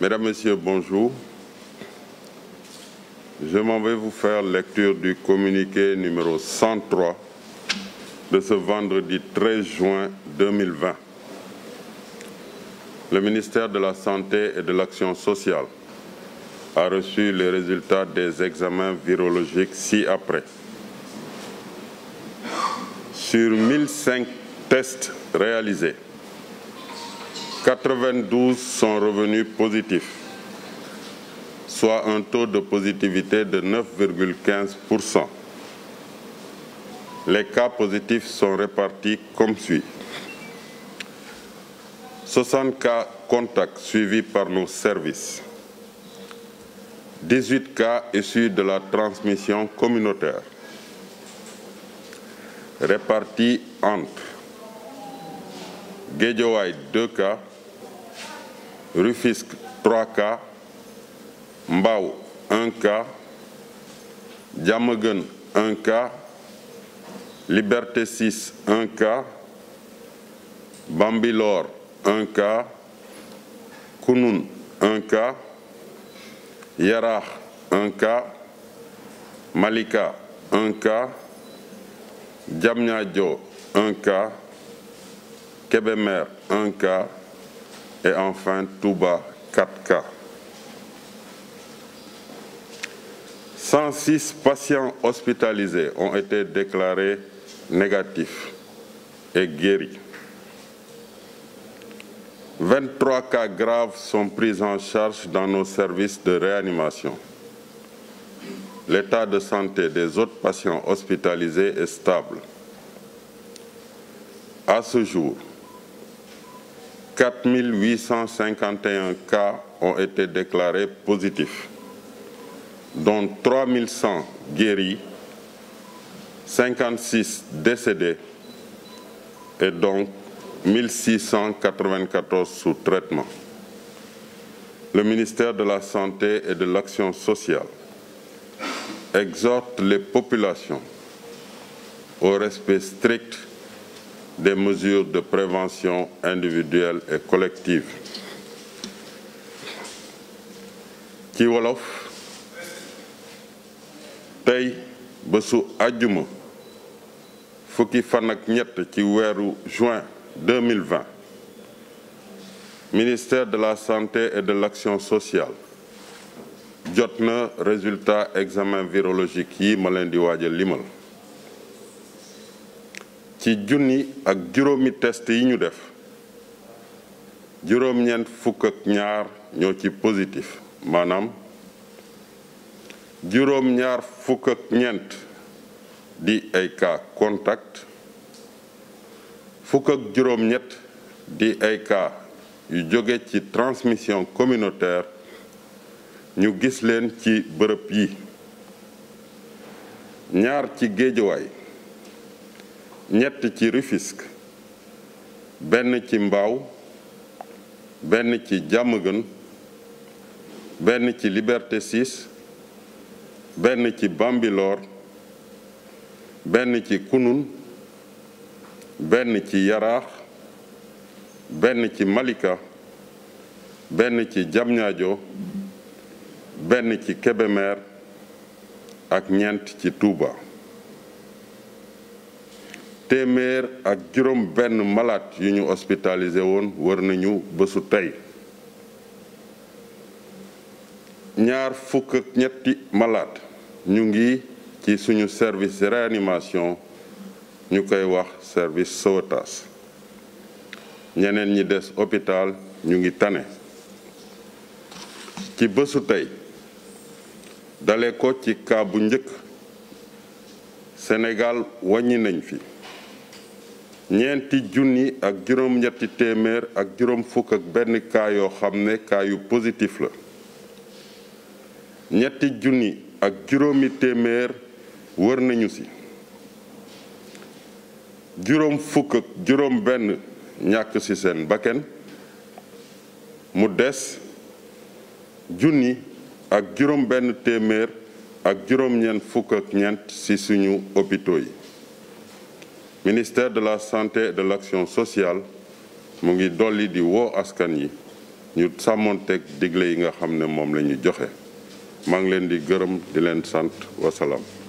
Mesdames, Messieurs, bonjour. Je m'en vais vous faire lecture du communiqué numéro 103 de ce vendredi 13 juin 2020. Le ministère de la Santé et de l'Action sociale a reçu les résultat des examens virologiques ci-après. Sur 1005 tests réalisés, 92 sont revenus positifs, soit un taux de positivité de 9,15%. Les cas positifs sont répartis comme suit. 60 cas contacts suivis par nos services. 18 cas issus de la transmission communautaire, répartis entre Guédiawaye Rufisque 3 cas Mbao 1 cas Diamaguène 1 cas Liberté 6 1 cas Bambilor 1 cas Kounoune Yaraax 1 Malika 1 cas Diamniadio 1 cas Et enfin, Touba, 4 cas. 106 patients hospitalisés ont été déclarés négatifs et guéris. 23 cas graves sont pris en charge de réanimation. L'état de santé des autres patients hospitalisés est stable. À 4 851 cas ont été déclarés positifs, dont 3 100 guéris, 56 décédés et donc 1694 sous traitement. Le ministère de la Santé et de l'Action sociale exhorte les populations au des mesures de prévention individuelle et collective ci wolof tey bésu àjjuma fukki fan ak ñett ci weeru juin 2020 ministère de la santé et de l'action sociale jot na résultat examen virologique yi ma leen di waaj a limal ci junni ak juróomi test yi ñu def juróom ñoo ci positif maanaam juróom di ay cas contact fukk di ay cas yu jóge ci transmission communautaire ñu gis leen ci bërëb yi ñaar ci géejawaay ñett ci Rufisque benn ci Mbao benn ci Diamaguène benn ci Liberté benn ci Bambilor benn ci Kounoune benn ci Yaraax benn ci Malika benn ci Diamniadio benn ci Kébémer ak ñeent ci tuuba téeméer ak juróom benn malade yu ñu hospitalisé woon wër nañu bésu tey ñaar fukk ak ñetti malade ñu ngi ci suñu service réanimation ñu koy wax service sauvetage ñeneen ñi des hôpital ñu ngi tane ci bésu tey dale ko ci cas bu njëkk Sénégal wàññi nañ fi ñeenti junni ak juróom-ñetti téeméer ak juróom fukk ak benn cas yoo xam ne kaayu yu positif la ñetti junni ak juróomi téeméer wër nañu ci juróom fukk ak juróom benn ñàkk ci seen bakken mu des junni ak juróom benn téeméer ak juróom ñeent fukk ak ñeent ci suñu hôpitaux yi ministère de la santé et de l'action sociale mu ngi dolli di woo askan yi ñu sàmmoon teg digle yi nga xam ne moom la ñu joxe maa ngi leen di gërëm di leen sant wasalaam